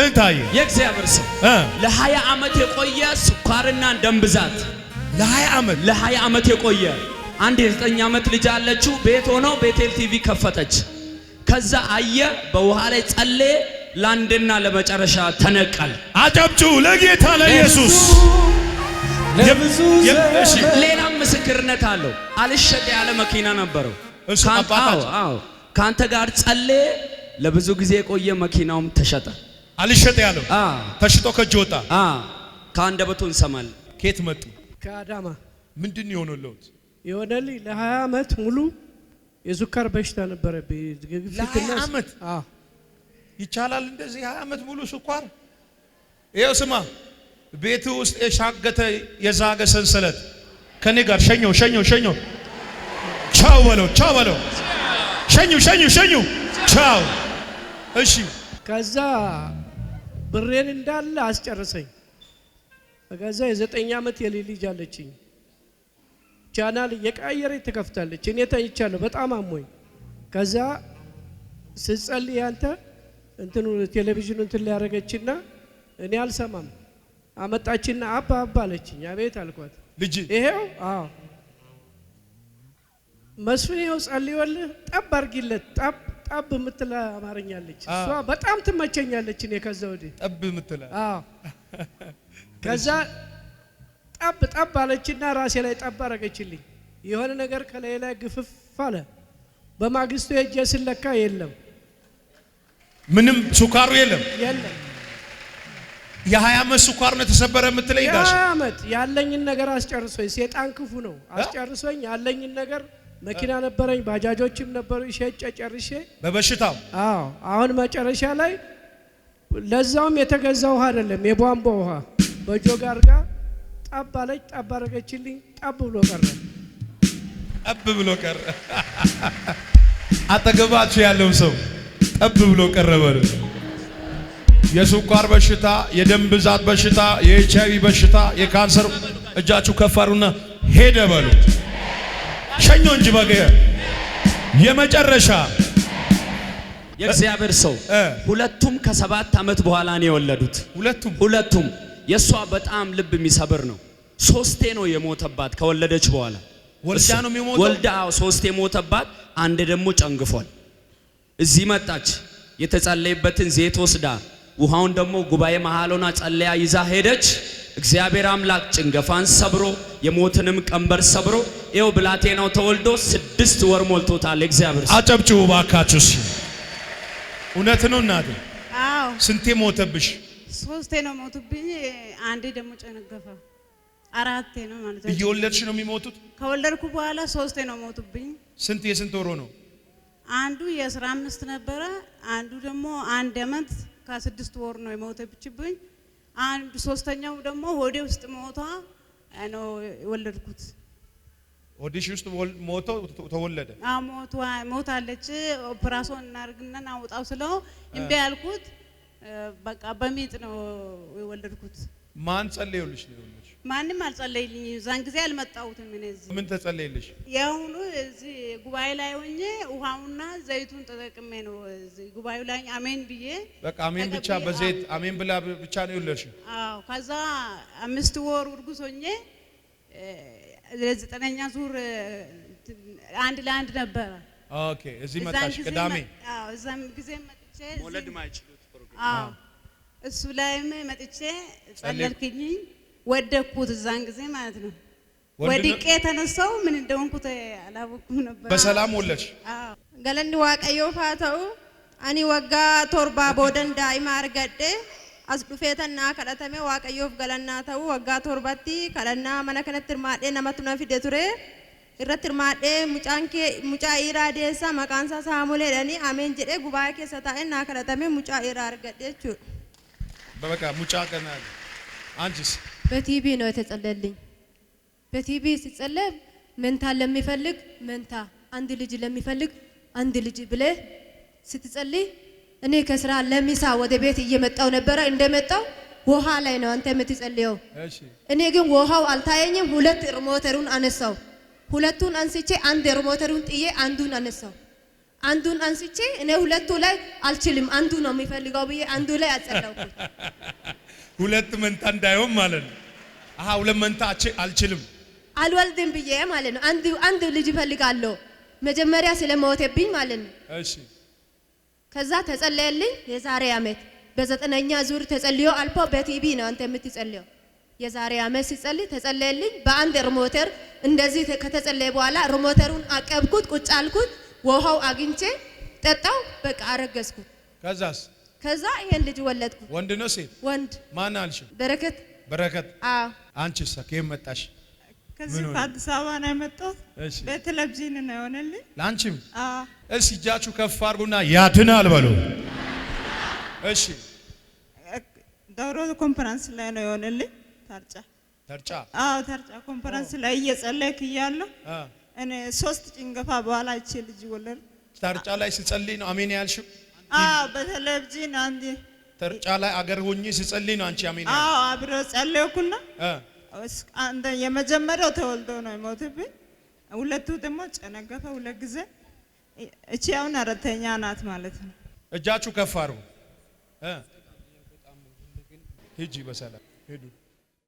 እንታይ የእግዚአብሔር ስም ለሀያ ዓመት የቆየ ስኳርና ደም ብዛት ለሀያ ዓመት ለሀያ ዓመት የቆየ አንድ የዘጠኝ ዓመት ልጅ አለችው። ቤት ሆነው ቤቴል ቲቪ ከፈተች። ከዛ አየ በውሃ ላይ ጸለየ። ለአንድና ለመጨረሻ ተነቀል። አጨብጭቡ ለጌታ ለኢየሱስ። ሌላም ምስክርነት አለው። አልሸጥ ያለ መኪና ነበረው። ከአንተ ጋር ጸለየ። ለብዙ ጊዜ የቆየ መኪናውም ተሸጠ። አልሸጥ ያለው ተሽጦ ከእጅ ወጣ። ከአንደበቱ እንሰማል። ከየት መጡ? ከአዳማ። ምንድን ነው የሆነለት? የሆነልኝ ለሀያ ዓመት ሙሉ የዙካር በሽታ ነበረብኝ። ለሀያ ዓመት ይቻላል እንደዚህ ሀያ ዓመት ሙሉ ስኳር። ይኸው ስማ፣ ቤት ውስጥ የሻገተ የዛገ ሰንሰለት ከኔ ጋር ሸኘው፣ ሸኘው፣ ሸኘው፣ ቻው በለው፣ ቻው በለው፣ ሸኙ፣ ሸኙ፣ ሸኙ፣ ቻው። እሺ ከዛ ብሬን እንዳለ አስጨርሰኝ። በጋዛ የዘጠኝ ዓመት የሌል ልጅ አለችኝ። ቻናል እየቀያየረች ትከፍታለች። እኔ ተኝቻለሁ፣ በጣም አሞኝ። ከዛ ስጸልይ ያንተ እንትኑ ቴሌቪዥኑ እንትን ሊያደረገችና እኔ አልሰማም። አመጣችና አባ አባ አለችኝ። አቤት አልኳት። ልጅ ይሄው አዎ መስፍን ይኸው ጸልዮልህ ጠብ አርጊለት ጠብ ጠብ የምትለ አማርኛ አለች። እሷ በጣም ትመቸኛለች። እኔ ከዛ ወዲህ ጠብ የምትለ ከዛ ጠብ ጠብ አለችና ራሴ ላይ ጠብ አረገችልኝ። የሆነ ነገር ከላይ ላይ ግፍፍ አለ። በማግስቱ የእጄ ስለካ የለም፣ ምንም ሱካሩ የለም የለም። የሀያ ዓመት ስኳር ነው የተሰበረ የምትለኝ ጋሽ ዓመት ያለኝን ነገር አስጨርሶኝ፣ ሴጣን ክፉ ነው አስጨርሶኝ ያለኝን ነገር መኪና ነበረኝ፣ ባጃጆችም ነበሩ። ሸጬ ጨርሼ በበሽታው አዎ። አሁን መጨረሻ ላይ ለዛውም የተገዛ ውሃ አይደለም የቧንቧ ውሃ በጆግ ጋር ጠብ አለች። ጠብ አረገችልኝ። ጠብ ብሎ ቀረ፣ ጠብ ብሎ ቀረ። አጠገባችሁ ያለው ሰው ጠብ ብሎ ቀረ የስኳር በሽታ፣ የደም ብዛት በሽታ፣ የኤችአይቪ በሽታ፣ የካንሰር እጃችሁ ከፈሩና ሄደ በሉ። ሸኞ እንጂ በገ የመጨረሻ የእግዚአብሔር ሰው ሁለቱም ከሰባት ዓመት በኋላ ነው የወለዱት። ሁለቱም ሁለቱም የእሷ በጣም ልብ የሚሰብር ነው። ሶስቴ ነው የሞተባት ከወለደች በኋላ ወልዳ ነው የሚሞተው። ወልዳ ሶስቴ ሞተባት። አንድ ደግሞ ጨንግፏል። እዚህ መጣች። የተጸለይበትን ዘይት ወስዳ ውሃውን ደግሞ ጉባኤ መሃል ሆና ጸለያ ይዛ ሄደች። እግዚአብሔር አምላክ ጭንገፋን ሰብሮ የሞትንም ቀንበር ሰብሮ ይኸው ብላቴናው ተወልዶ ስድስት ወር ሞልቶታል። እግዚአብሔር አጨብጭቡ ባካችሁ። እሺ እውነት ነው እናቴ? አዎ። ስንቴ ሞተብሽ? ሶስቴ ነው ሞቱብኝ። አንዴ ደግሞ ጨነገፈ። አራቴ ነው ማለት ነው። እየወለድሽ ነው የሚሞቱት? ከወለድኩ በኋላ ሶስቴ ነው ሞቱብኝ። ስንት የስንት ወሮ ነው? አንዱ የአስራ አምስት ነበረ። አንዱ ደግሞ አንድ አመት ከስድስት ወር ነው የሞተብችብኝ። አንዱ ሶስተኛው ደግሞ ሆዴ ውስጥ ሞቷ ነው የወለድኩት። ሆድሽ ውስጥ ሞቶ ተወለደ። ሞታለች። ኦፕራሶን እናርግና አውጣው ስለው እምቢ ያልኩት በቃ በሚጥ ነው የወለድኩት። ማን ጸለየልሽ ነው? ማንም አልጸለይልኝ። እዛን ጊዜ አልመጣሁትም። እኔ እዚህ ምን ተጸለይልሽ? የአሁኑ እዚህ ጉባኤ ላይ ሆኜ ውሃውና ዘይቱን ተጠቅሜ ነው እዚህ ጉባኤው ላይ አሜን ብዬ በቃ አሜን ብቻ በዘይት አሜን ብላ ብቻ ነው የወለድሽው? አዎ። ከዛ አምስት ወር እርጉዝ ሆኜ ዘጠነኛ ዙር አንድ ለአንድ ነበረ። ኦኬ እዚህ መጣሽ ቅዳሜ? አዎ እዛም ጊዜ መጥቼ ወለድ ማይችሉት ፕሮግራም እሱ ላይም መጥቼ ጸለልክኝ። ወደኩት እዛን ጊዜ ማለት ነው። ወድቄ ተነሳው ምን እንደሆንኩት አላወኩም ነበር። በሰላም ወለድሽ? አዎ ገለኒ ዋቀዮ ፋተው አኒ ወጋ ቶርባ ቦደንዳ ኢማር ገደ as dhufee tannaa kadhatame waaqayyoof galannaa ta'u waggaa torbatti kadhannaa mana kanatti hirmaadhee namatu na fide ture irratti hirmaadhee mucaan kee mucaa dhiiraa deessaa maqaan isaa Saamulee jedhanii ameen jedhee gubaa keessa taa'ee naa kadhatame mucaa dhiiraa argadhe jechuudha. በበቃ ሙጫ ቀና አንቺስ? በቲቪ ነው የተጸለልኝ። በቲቪ ሲጸለይ መንታ ለሚፈልግ መንታ፣ አንድ ልጅ ለሚፈልግ አንድ ልጅ ብለህ ስትጸልይ እኔ ከስራ ለሚሳ ወደ ቤት እየመጣው ነበረ። እንደመጣው ውሃ ላይ ነው አንተ የምትጸልየው። እኔ ግን ውሃው አልታየኝም። ሁለት ሪሞተሩን አነሳው። ሁለቱን አንስቼ አንድ ሪሞተሩን ጥዬ አንዱን አነሳው። አንዱን አንስቼ እኔ ሁለቱ ላይ አልችልም፣ አንዱ ነው የሚፈልገው ብዬ አንዱ ላይ አጸለውኩት። ሁለት መንታ እንዳይሆን ማለት ነው። አሃ ሁለት መንታ አልችልም፣ አልወልድም ብዬ ማለት ነው። አንድ አንድ ልጅ እፈልጋለሁ መጀመሪያ ስለመወተብኝ ማለት ነው። እሺ ከዛ ተጸለየልኝ። የዛሬ አመት በዘጠነኛ ዙር ተጸልዮ አልፎ በቲቪ ነው አንተ የምትጸልዮ። የዛሬ አመት ሲጸልይ ተጸለየልኝ። በአንድ ሪሞተር እንደዚህ ከተጸለየ በኋላ ሪሞተሩን አቀብኩት፣ ቁጭ አልኩት፣ ውሃው አግኝቼ ጠጣው። በቃ አረገዝኩ። ከዛስ ከዛ ይሄን ልጅ ወለድኩ። ወንድ ነው ሴት? ወንድ። ማን አልሽ? በረከት። በረከት። አዎ። አንቺስ ከየት መጣሽ? ከዚህ አዲስ አበባ ነው የመጣሁት። በቴሌቪዥን ነው የሆነልኝ። ላንቺም እሺ፣ እጃችሁ ከፍ አድርጉና ያድናል በሉ። እሺ፣ ዳውሮ ኮንፈረንስ ላይ ነው የሆነልኝ። ተርጫ ተርጫ፣ አዎ ተርጫ ኮንፈረንስ ላይ እየጸለይክ እያለሁ እኔ ሶስት ጭንገፋ በኋላ እቺ ልጅ ወለድ። ተርጫ ላይ ስጸልይ ነው አሜን ያልሽው? አዎ በቴሌቪዥን አንዴ ተርጫ ላይ አገር ሆኜ ስጸልይ ነው አንቺ አሜን። አዎ አብረ ጸለይኩና የመጀመሪያው ተወልዶ ነው የሞትብኝ። ሁለቱ ደግሞ ጨነገፈ ሁለት ጊዜ። እቺ አሁን አራተኛ ናት ማለት ነው። እጃችሁ ከፍ አድርጉ። ሂጂ በሰላም